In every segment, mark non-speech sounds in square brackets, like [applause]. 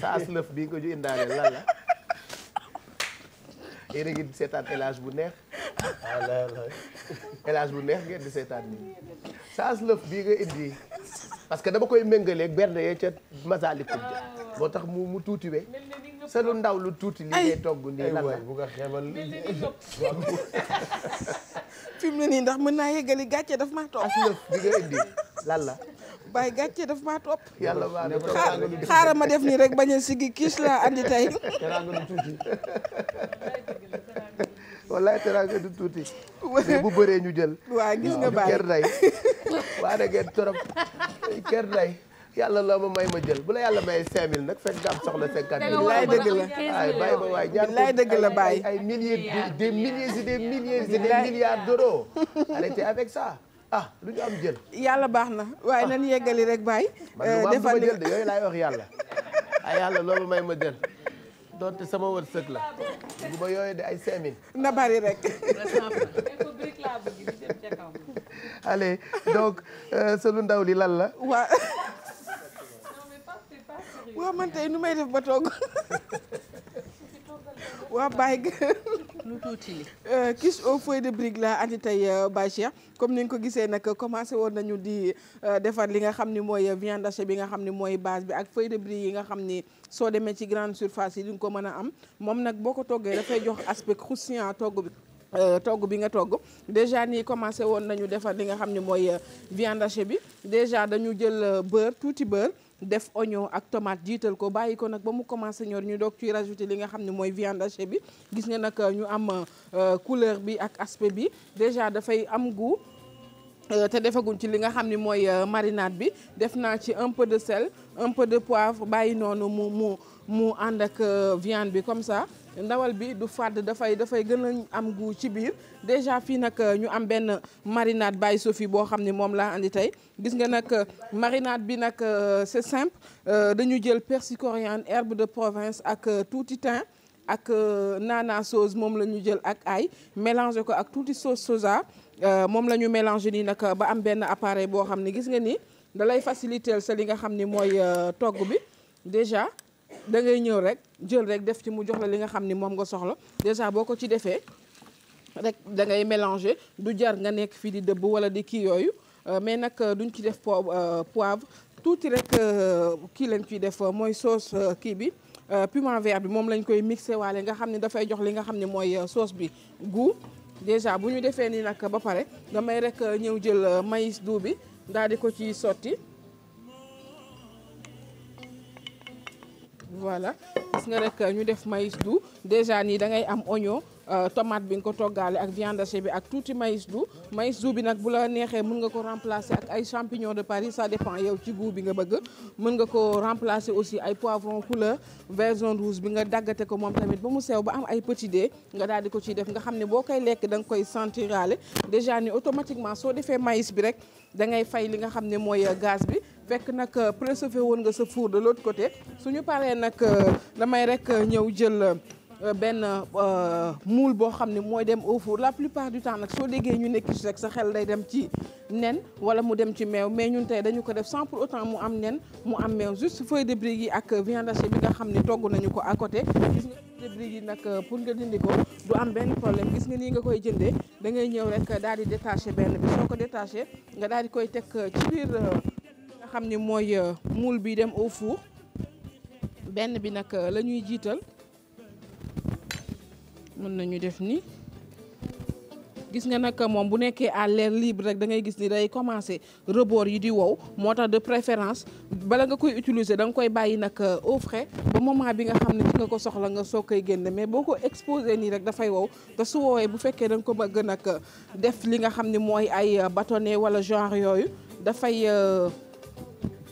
sa aslëf bii nga ju indaale lan la yéen seetaan élage bu neex élage bu neex ngeen di seetaan nii sa aslëf bii nga indi parce que dama koy mengalee bernde yee ca Masaalikul ja moo tax mu mu tuuti we sa lu ndaw lu tuuti li ngay togg nii lan la bu nga [laughs] fi mu ne nii ndax mën naa yeggali gàcce daf ma toog aslëf bi nga indi lan la bàyyi gàcce daf ma topp. yàlla baal na xaaral ma def nii rek bañ a sigi kiis la andi tey. teraanga du tuuti. wallaay tuuti. bu bëree ñu jël. waa gis nga bàyyi ker day. waa da ngeen trop ker day. yàlla loo ma may ma jël bu la yàlla mayee cinq mille nag fekk daam soxla cinquante mille laay dëgg la ay bàyyi ba waay ñaar laay dëgg la bàyyi ay milliers des milliers et des milliers et des milliards d'euros ah lu ñu am jël. yàlla baax na waaye nan yeggali rek baay. Eh, defal li yooyu laay wax yàlla. ah yàlla loolu may ma jël. donte sama wërsëg la. bu ba yooyu de ay cinq na bari rek. [laughs] allez donc euh, selu ndaw li lan la. waaw. waaw man tey nu may def ba togg. [laughs] waa baay. lu tuuti li. quiche euh, au feuille de brique la andi tey euh, comme ni nga ko gisee nag commencé woon nañu di euh, defar li nga xam ni mooy viande hachée bi nga xam ni mooy base bi ak feuille de brique yi nga xam ni soo demee ci grande surface yi di nga ko mën a am moom nag boo ko toggee dafay jox aspect croustillant togg bi. togg bi nga togg déjà nii commencé woon nañu defar li nga xam ni mooy viande hachée bi déjà dañu jël beurre tuuti beurre. def oignon ak tomate jiital ko bàyyi ko nag ba mu commencé ñor ñu doog ciy li nga xam ne mooy viande hachée bi gis nga nag ñu am euh, couleur bi ak aspect bi déjà dafay am goût euh, te defaguñ ci li nga xam ni mooy euh, marinade bi def naa ci un peu de sel un peu de poivre bàyyi noonu mu mu mu ànd ak euh, viande bi comme ça ndawal bi du fàdd dafay dafay gën a am goût ci biir déjà fii nag euh, ñu am benn marinade by Sophie boo xam ne moom laa andi tey gis nga nag euh, marinade bi nag c'est simple dañu jël persil coriandre herbe de province ak tuuti temps ak nana sos moom la ñu jël ak ay mélangé ko ak tuuti sauce soja moom la ñu mélangé nii nag ba am benn appareil boo xam ne gis nga ni da lay faciliter sa li nga xam ni mooy togg bi déjà da ngay ñëw rek jël rek def ci mu jox la li nga xam ni moom nga soxla déjà boo ko ci defee rek da ngay mélanger du jar nga nekk fii di dëbb wala di kii yooyu euh, mais nag euh, duñ ci def euh, poivre tuuti rek kii lañ ciy def mooy sauce kii bi piment vert bi moom lañ koy mixé waale nga xam ni dafay jox li nga xam ni mooy sauce bi goût déjà bu ñu defee nii nag ba pare damay rek ñëw jël maïs doux bi daal di ko ci sotti voilà gis nga rek ñu def maïs du déjà nii da ngay am oignon euh, tomate bi nga ko toggaale ak viande hachée bi ak tuuti mais doux maïs doux bi nag bu la neexee mën nga ko remplacer ak ay champignons de Paris ça dépend yow ci goût bi nga bëgg mën nga ko remplacer aussi ay poivron couleur vert jaune rouge bi nga daggate ko moom tamit ba mu sew ba am ay petit dés nga daal di ko ciy def nga xam ne boo koy lekk danga koy sentirale déjà ni automatiquement soo defee mais bi rek da fay li nga xam ne mooy gaz bi fekk nag euh, préchauffé woon nga sa four de l'autre côté suñu paree nag euh, damay rek euh, ñëw jël benn moule boo xam ne mooy dem au four la plupart du temps nag soo déggee ñu nekk si rek sa xel day dem ci nen wala mu dem ci meew mais ñun tey dañu ko def sans pour autant mu am nen mu am meew juste feuille de brique yi ak viande hachée bi nga xam ni togg nañu ko à côté gis nga feuille de brique yi nag pour nga dindi ko du am benn problème gis nga nii nga koy jëndee da ngay ñëw rek daal di détaché benn bi soo nga daal di koy teg ci nga xam ne mooy euh, moule bi dem au four benn bi nag euh, la ñuy jiital mën nañu def nii gis nga nag moom bu nekkee à l'air libre rek da ngay gis ni day commencé rebord yi di wow moo tax de préférence bala nga koy utiliser da nga koy bàyyi nag euh, au frais ba moment bi nga xam ne nga ko soxla nga soog koy génne mais boo ko exposé nii rek dafay wow te su woowee bu fekkee da nga ko bëgg nag def li nga xam ne mooy ay bâtonnet wala genre yooyu dafay.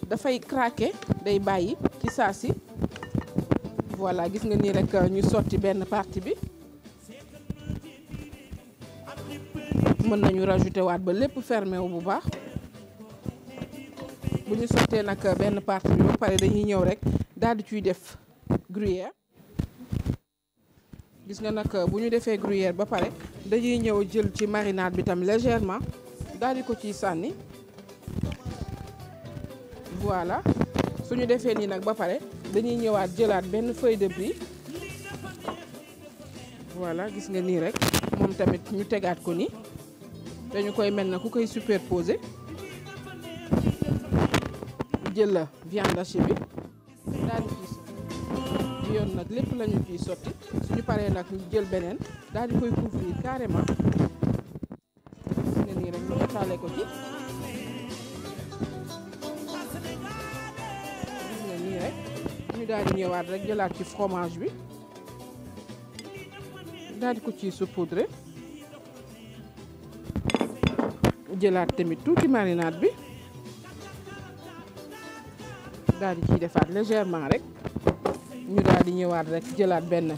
dafay craquer day bàyyi ci saa si voilà gis nga ni rek euh, ñu sotti benn partie bi mën nañu rajouter waat ba lépp fermé wu bu baax bu ñu sottee nag euh, benn partie bi ba pare dañuy ñëw rek daal di ciy def gruyère gis nga nag euh, bu ñu defee gruyère ba pare dañuy ñëw jël ci marinade bi tam légèrement daal di ko ciy sànni voilà suñu defee nii nag ba pare dañuy ñëwaat jëlaat benn feuille de brie voilà gis nga nii rek moom tamit ñu tegaat ko nii dañu koy mel na ku koy superposer jël la viande hachée daal di yoon nag lépp la ñu ciy sotti suñu paree nag ñu jël beneen daal di koy couvrir carrément gis nga nii rek ñu taale ko ci. ñu ñëwaat rek jëlaat ci fromage bi daal ko ci saupoudré jëlaat tamit tuuti marinade bi daal di ciy defaat légèrement rek ñu daal di ñëwaat rek jëlaat benn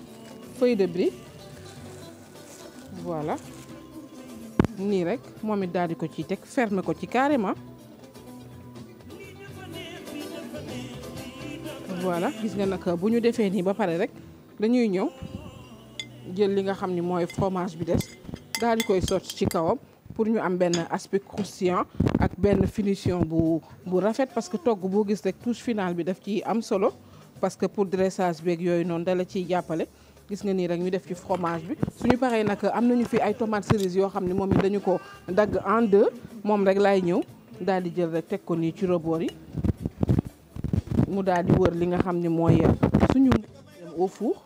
feuille de brie voilà nii rek moom it daal ko ci teg fermer ko ci carrément. voilà gis nga nag bu ñu defee nii ba pare rek dañuy ñëw jël li nga xam ni mooy fromage bi des daal di koy sot ci kawam pour ñu am benn aspect croustillant ak benn finition bu bu rafet parce que togg boo gis rek touche finale bi def ci am solo parce que pour dressage beeg yooyu noonu dala ciy jàppale gis nga nii rek ñu def ci fromage bi su ñu paree nag am nañu fi ay tomate cerise yoo xam ni moom it dañu ko dagg en moom rek laay ñëw daal di jël rek teg ko nii ci roboor yi mu daal di wër li nga xam ni mooy suñu au four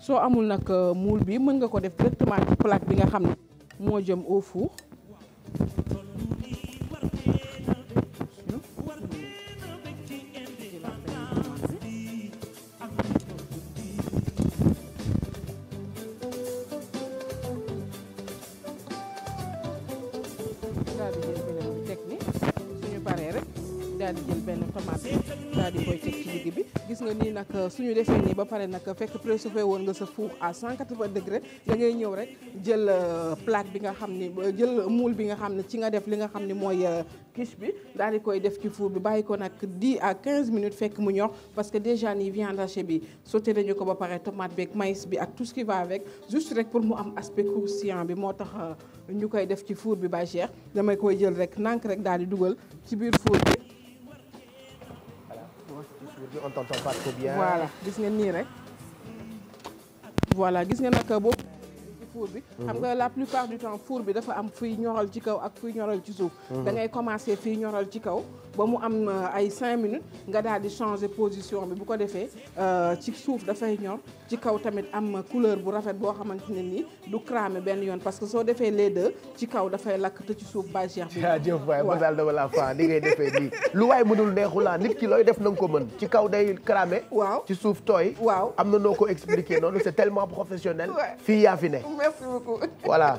soo amul nag euh, moule bi mën nga ko def directement ci plaque bi nga xam ne moo jëm au daal di jël benn tomate daal di koy teg ci digg bi gis nga nii nag euh, suñu defee nii ba pare nag fekk préchauffé woon nga sa four à 180 degré da ngay ñëw rek jël euh, plaque bi nga xam ni euh, jël moule bi nga xam ne ci nga def li nga xam ni mooy quiche bi daal di koy def ci four bi bàyyi ko nag di à 15 minutes fekk mu ñor parce que déjà nii viande hachée bi sauté nañu ko ba pare tomate beeg maïs bi ak tout ce qui va avec juste rek pour mu am aspect croustillant bi moo tax ñu koy def ci four bi ba cher damay jël rek nank rek daal di dugal puis bien. voilà gis ngeen nii rek. voilà gis ngeen nag boo. four bi mhm. xam nga la plupart du temps four bi dafa am fuy ñoral ci kaw ak fuy ñoral ci suuf mhm. da ngay commencer fii ñoral ci kaw ba mu am euh, ay cinq minutes nga daal di changer position bi bu ko defee euh, ci suuf dafay ñor ci kaw tamit am couleur bu rafet boo xamante ne nii du cramer benn yoon parce que soo defee les deux ci kaw dafay lakk te ci suuf bàyyi cheikh bi jaajëf la fa li ngay defee nii [laughs] lu waay mënul neexulaa nit ki looy def na ko mën ci kaw day cramer waaw ci suuf tooy waaw am na noo ko expliquer noonu c'est tellement professionnel fii yaa fi ne merci beaucoup. voilà.